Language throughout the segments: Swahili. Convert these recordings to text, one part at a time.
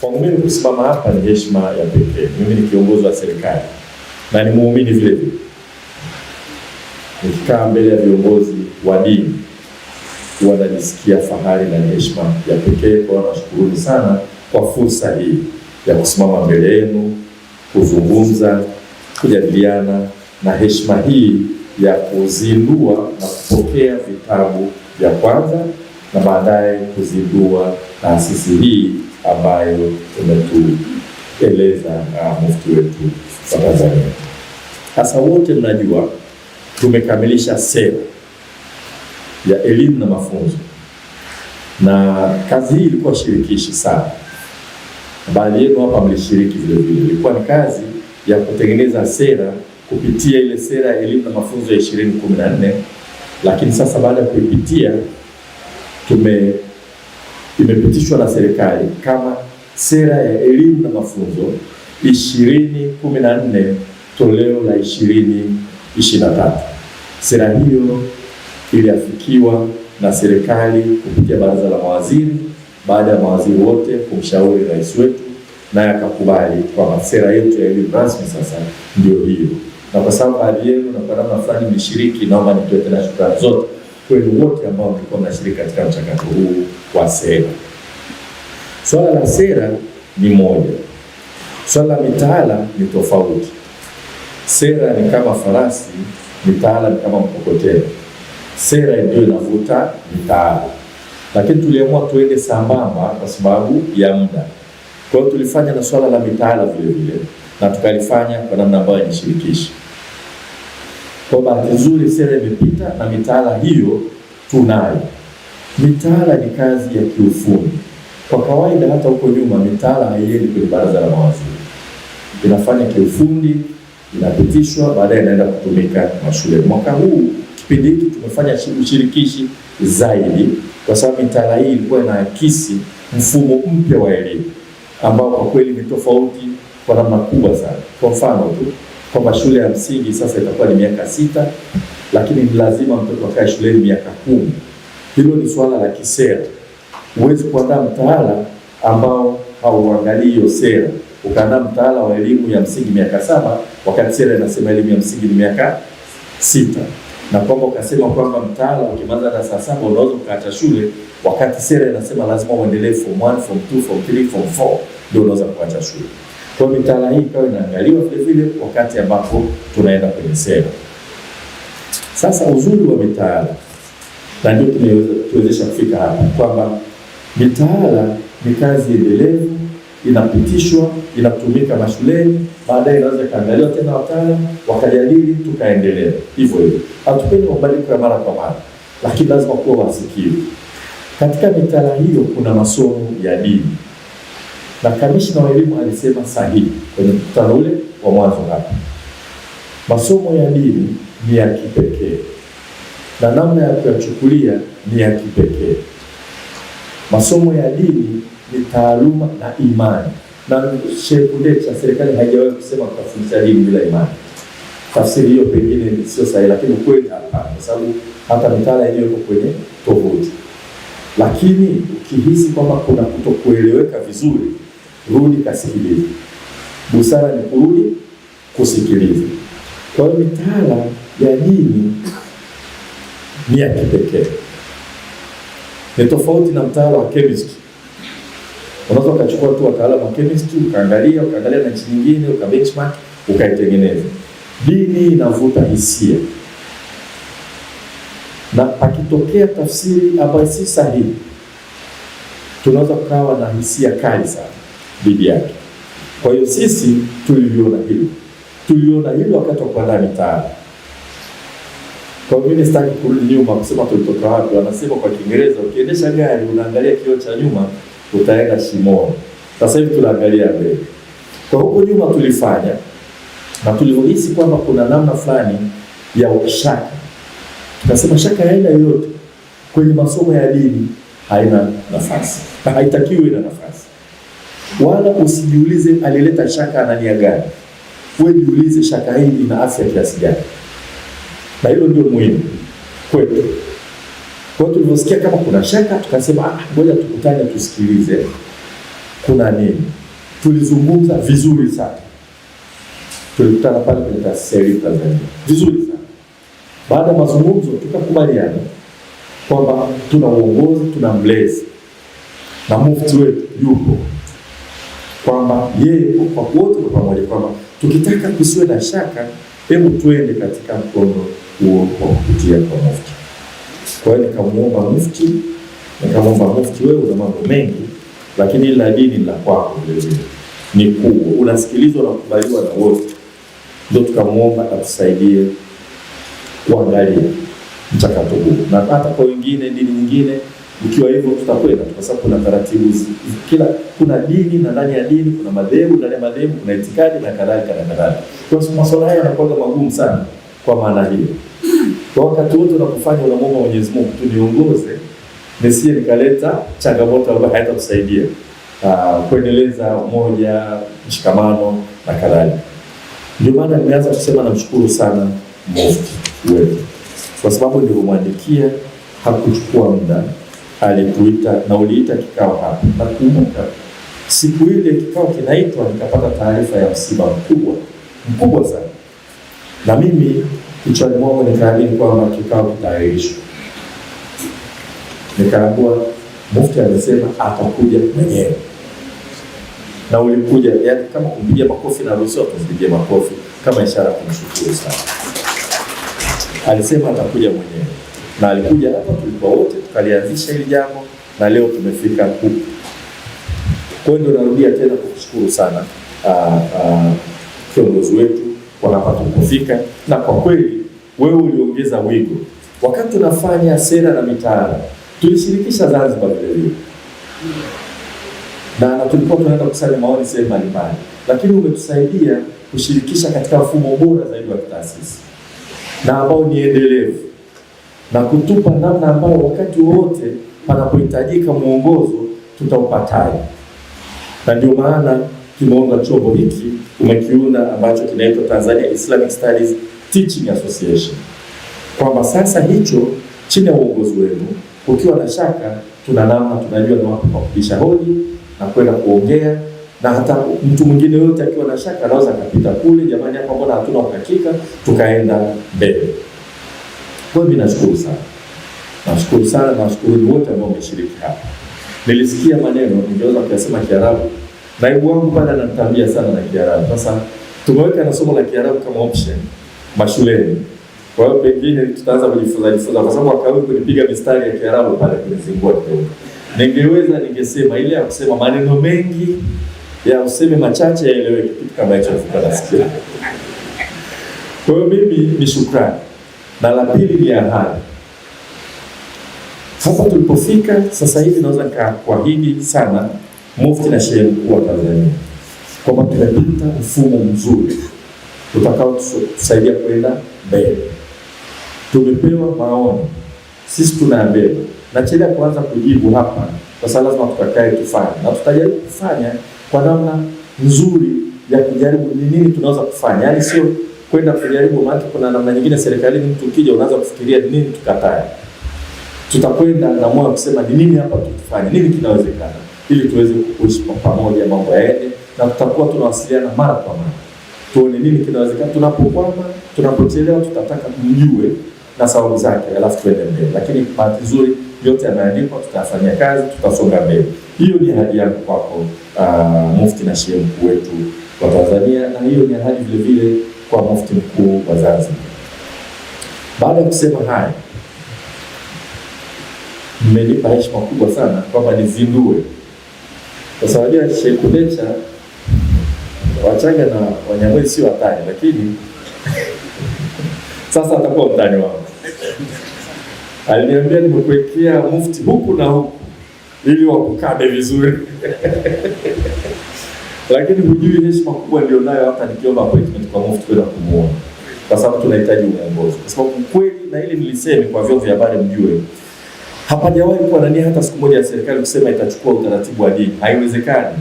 Kwangu mimi kusimama hapa ni heshima ya pekee. Mimi ni kiongozi wa serikali na ni muumini vile vile. Nikikaa mbele ya viongozi wa dini huwa najisikia fahari na heshima ya pekee. Kwa nashukuruni sana kwa fursa hii ya kusimama mbele yenu, kuzungumza, kujadiliana na heshima hii ya kuzindua na kupokea vitabu vya kwanza na baadaye kuzindua taasisi hii ambayo umetueleza uh, mufti wetu wa Tanzania. Sasa wote mnajua tumekamilisha sera ya elimu na mafunzo, na kazi hii ilikuwa shirikishi sana. Baadhi yenu hapa mlishiriki vile vile. Ilikuwa ni kazi ya kutengeneza sera kupitia ile sera ya elimu na mafunzo ya ishirini kumi na nne, lakini sasa baada ya kuipitia tume imepitishwa na serikali kama sera ya elimu na mafunzo ishirini kumi na nne toleo la ishirini na tatu. Sera hiyo iliafikiwa na serikali kupitia baraza la mawaziri baada ya mawaziri wote kumshauri rais wetu, naye akakubali kwamba sera yetu ya elimu rasmi sasa ndio hiyo. Na kwa sababu baadhi yenu na kwa namna fulani mlishiriki, naomba nitoe tena shukrani zote kwenu wote ambao mlikuwa mnashiriki katika mchakato huu wa sera. Swala la sera ni moja, swala la mitaala ni tofauti. Sera ni kama farasi, mitaala ni kama mkokoteni. Sera ndio inavuta mitaala, lakini tuliamua tuende sambamba kwa sababu ya muda. Kwa hiyo tulifanya na swala la mitaala vile vile, na tukalifanya kwa namna ambayo inashirikisha kwa bahati nzuri sera imepita na mitaala hiyo tunayo. Mitaala ni kazi ya kiufundi. Kwa kawaida hata huko nyuma mitaala haiendi kwenye baraza la mawaziri, inafanya kiufundi, inapitishwa, baadaye inaenda kutumika mashule. Mwaka huu kipindi hiki tumefanya ushirikishi zaidi, kwa sababu mitaala hii ilikuwa inaakisi mfumo mpya wa elimu ambao kwa kweli ni tofauti kwa namna kubwa sana. Kwa mfano tu kwamba shule ya msingi sasa itakuwa ni miaka sita, lakini ni lazima mtoto akae shuleni miaka kumi. Hilo ni swala la kisera. Huwezi kuandaa mtaala ambao hauangalii hiyo sera, ukaandaa mtaala wa elimu ya msingi miaka saba wakati sera inasema elimu ya msingi ni miaka sita, na kwamba ukasema kwamba mtaala ukimaliza darasa saba unaweza ukaacha shule wakati sera inasema lazima uendelee form 1 form 2 form 3 form 4 ndio unaweza kuacha shule. Kwa mitaala hii ikawa inaangaliwa vile vile wakati ambapo tunaenda kwenye sera. Sasa uzuri wa mitaala na ndio tumewezesha kufika hapa kwamba mitaala ni kazi endelevu, inapitishwa, inatumika mashuleni, baadaye inaweza ikaangaliwa tena wataalamu wakajadili, tukaendelea hivyo hivyo. Hatupendi mabadiliko ya mara kwa mara, lakini lazima kuwa wasikivu. Katika mitaala hiyo kuna masomo ya dini na kamishna wa elimu alisema sahihi kwenye mkutano ule wa mwanzo hapa, Masomo ya dini ni ya kipekee na namna ya kuyachukulia ni ya kipekee. Masomo ya dini ni taaluma na imani, na shekulecha serikali haijawahi kusema kutafundisha dini bila imani. Tafsiri hiyo pengine sio sahihi, lakini ukweli hapana, kwa sababu hata mitaala yenyewe iko kwenye tovuti. Lakini ukihisi kwamba kuna kutokueleweka vizuri rudi kasikilize. Busara ni kurudi kusikiliza. Kwa hiyo mitaala ya dini ni ya kipekee, ni tofauti na mtaala wa chemistry. Unaweza ukachukua tu wataalamu wa chemistry ukaangalia ukaangalia na nchi nyingine uka benchmark ukaitengeneza. Dini inavuta hisia, na pakitokea tafsiri ambayo si sahihi tunaweza kukawa na hisia kali sana bibi yake. Kwa hiyo sisi tuliona hilo, tuliona hilo wakati wa kuandaa mitaala. Kwa mimi sitaki kurudi nyuma kusema tulitoka wapi. Wanasema kwa Kiingereza, ukiendesha gari unaangalia kioo cha nyuma, utaenda shimoni. Sasa hivi tunaangalia mbele. Kwa huko nyuma tulifanya na tulihisi kwamba kuna namna fulani ya shaka, tukasema shaka ya aina yoyote kwenye masomo ya dini haina nafasi haitakiwi na nafasi wala usijiulize alileta shaka na nia gani. Wewe jiulize shaka hii ina afya kiasi gani, na hilo ndio muhimu kwetu. Kwa hiyo tulivyosikia kama kuna shaka, tukasema ah, ngoja tukutane tusikilize kuna nini. Tulizungumza vizuri sana, tulikutana pale kwenye taasisi Tanzania vizuri sana. Baada ya mazungumzo, tukakubaliana kwamba tuna uongozi, tuna mlezi na mufti wetu yupo kwamba yeye kwa wote kwa pamoja, kwamba tukitaka kusiwe na shaka, hebu tuende katika mkondo huo wa kupitia kwa mufti. Kwa hiyo nikamwomba mufti, nikamwomba mufti, wewe una mambo mengi, lakini la dini la kwako vilevile ni kubwa, unasikilizwa na kukubaliwa na wote. Ndio tukamwomba atusaidie kuangalia mchakato huu na hata kwa wengine dini nyingine ikiwa hivyo tutakwenda, kwa sababu kuna taratibu kila, kuna dini na ndani ya dini kuna madhehebu, ndani ya madhehebu kuna itikadi na kadhalika na kadhalika. Kwa hiyo masuala haya yanakuwa magumu sana kwa maana hiyo. Kwa wakati wote unakufanya unamwomba Mwenyezi Mungu tuniongoze niongoze, nisije nikaleta changamoto ambayo haitakusaidia ah, kuendeleza umoja, mshikamano na kadhalika. Ndio maana nimeanza kusema namshukuru sana Mufti wetu kwa sababu nilivyomwandikia hakuchukua muda alikuita na uliita kikao hapa, nakumbuka siku ile kikao kinaitwa, nikapata taarifa ya msiba mkubwa mkubwa sana, na mimi kichwani mwangu nikaamini kwamba kikao kitaahirishwa. Nikaambiwa mufti amesema atakuja mwenyewe, na ulikuja. Yani kama kumpigia makofi na ruhusa, makofi kama ishara kumshukuru sana. Alisema atakuja mwenyewe na alikuja hapa, tulikuwa wote tukalianzisha hili jambo na leo tumefika huku. Kwa hiyo narudia tena kukushukuru sana ah, ah, kiongozi wetu kwa hapa tulipofika, na kwa kweli wewe uliongeza wigo. Wakati tunafanya sera na mitaala tulishirikisha Zanzibar vilevile na tulikuwa tunaenda kusanya maoni sehemu mbalimbali, lakini umetusaidia kushirikisha katika mfumo bora zaidi wa kitaasisi na ambao ni endelevu na kutupa namna ambayo wakati wote panapohitajika mwongozo tutaupatayo, na ndio maana tumeunda chombo hiki umekiunda ambacho kinaitwa Tanzania Islamic Studies Teaching Association, kwamba sasa hicho chini ya uongozi wenu, ukiwa na shaka, tuna namna tunajua ni wapi kupisha hodi na kwenda kuongea na hata mtu mwingine yote akiwa na shaka anaweza akapita kule, jamani, hapa mbona hatuna uhakika, tukaenda mbele. Kwa hivyo nashukuru sana, nashukuru sana, nashukuru wote ambao wameshiriki hapa. Nilisikia maneno ningeweza kuyasema Kiarabu, naibu wangu bado ananitambia sana na Kiarabu. Sasa tumeweka na somo la Kiarabu kama option mashuleni, kwa hiyo pengine tutaanza kujifunza jifunza, kwa sababu wakawe kunipiga mistari ya Kiarabu pale kwenye zingua kidogo. Ningeweza ningesema ile ya kusema maneno mengi ya useme machache yaeleweke, kitu kama hicho nasikia. Kwa hiyo mimi ni shukrani na la pili ni ahadi. Hapa tulipofika sasa hivi naweza nikakuahidi sana Mufti na Shehe Mkuu wa Tanzania kwamba tumepata mfumo mzuri utakaotusaidia kwenda mbele. Tumepewa maoni, sisi tunayabeba. Nachelea kuanza kujibu hapa kwa sababu lazima tukakae tufanye, na tutajaribu kufanya kwa namna nzuri ya kujaribu ni nini tunaweza kufanya, yaani sio kwenda kujaribu, maana kuna namna nyingine serikali, mtu ukija unaanza kufikiria nini tukatae, tutakwenda na moyo kusema ni nini hapa tutufanye nini kinawezekana, ili tuweze kuishi kwa pamoja, mambo yaende, na tutakuwa tunawasiliana mara kwa mara, tuone nini kinawezekana. Tunapokwama, tunapochelewa, tutataka mjue na sababu zake, alafu tuende mbele. Lakini bahati nzuri yote yameandikwa, tutafanya kazi, tutasonga mbele. Hiyo ni ahadi yangu kwako, uh, Mufti na Shehe Mkuu wetu wa Tanzania, na hiyo ni ahadi vile vile kwa mufti mkuu wa Zanzibar. Baada ya kusema haya, mmenipa heshima kubwa sana kwamba nizindue, kwa sababu ya Sheikh Kubecha Wachanga na Wanyamwezi sio watani, lakini sasa atakuwa mtani wangu. Aliniambia nimekuwekea mufti huku na huku ili wakukabe vizuri lakini hujui heshima kubwa ndio nayo, hata nikiomba appointment kwa mufti kwenda kumuona, kwa sababu tunahitaji uongozi, kwa sababu kweli, na ili niliseme kwa vyombo vya habari mjue, hapajawahi kuwa nani hata siku moja ya serikali kusema itachukua utaratibu wa dini. Haiwezekani,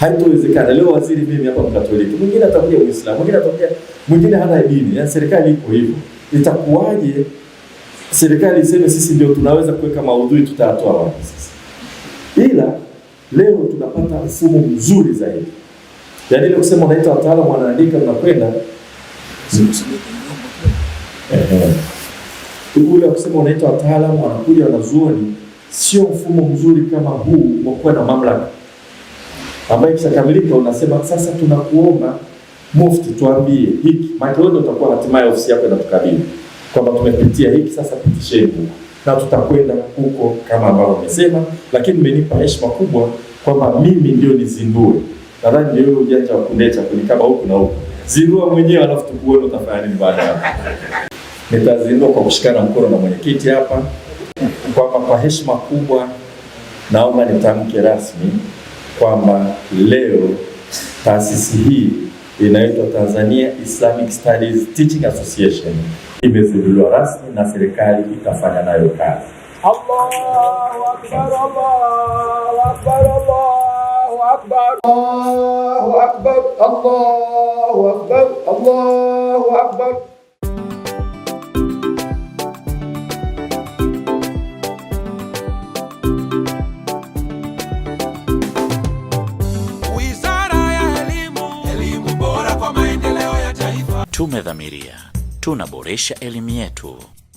haitowezekana. Leo waziri mimi hapa Mkatoliki, mwingine atakuja Uislamu, mwingine atakuja, mwingine hana dini. ya serikali iko hivyo, itakuwaje serikali iseme sisi ndio tunaweza kuweka maudhui, tutatoa wapi sisi? ila Leo tunapata mfumo mzuri zaidi, yaani ile kusema unaita wataalamu wanaandika, unakwenda ule kusema unaita wataalamu wanakuja wanazuoni, sio mfumo mzuri kama huu wa kuwa na mamlaka ambayo ikishakamilika unasema sasa, tunakuomba Mufti tuambie hiki, maana wewe utakuwa hatimaye ofisi yako inatukabili kwamba tumepitia hiki, sasa pitisheni huko na tutakwenda huko kama ambavyo amesema, lakini mmenipa heshima kubwa kwamba mimi ndio nizindue. Nadhani ndio hiyo ujanja wa kundecha kunikaba huku na huku, zindua mwenyewe alafu tukuone utafanya nini baadaye. Nitazindua kwa kushikana mkono na mwenyekiti hapa kwamba kwa heshima kubwa naomba nitamke rasmi kwamba leo taasisi hii inaitwa Tanzania Islamic Studies Teaching Association imezinduliwa rasmi na serikali itafanya nayo kazi. tumedhamiria tunaboresha elimu yetu.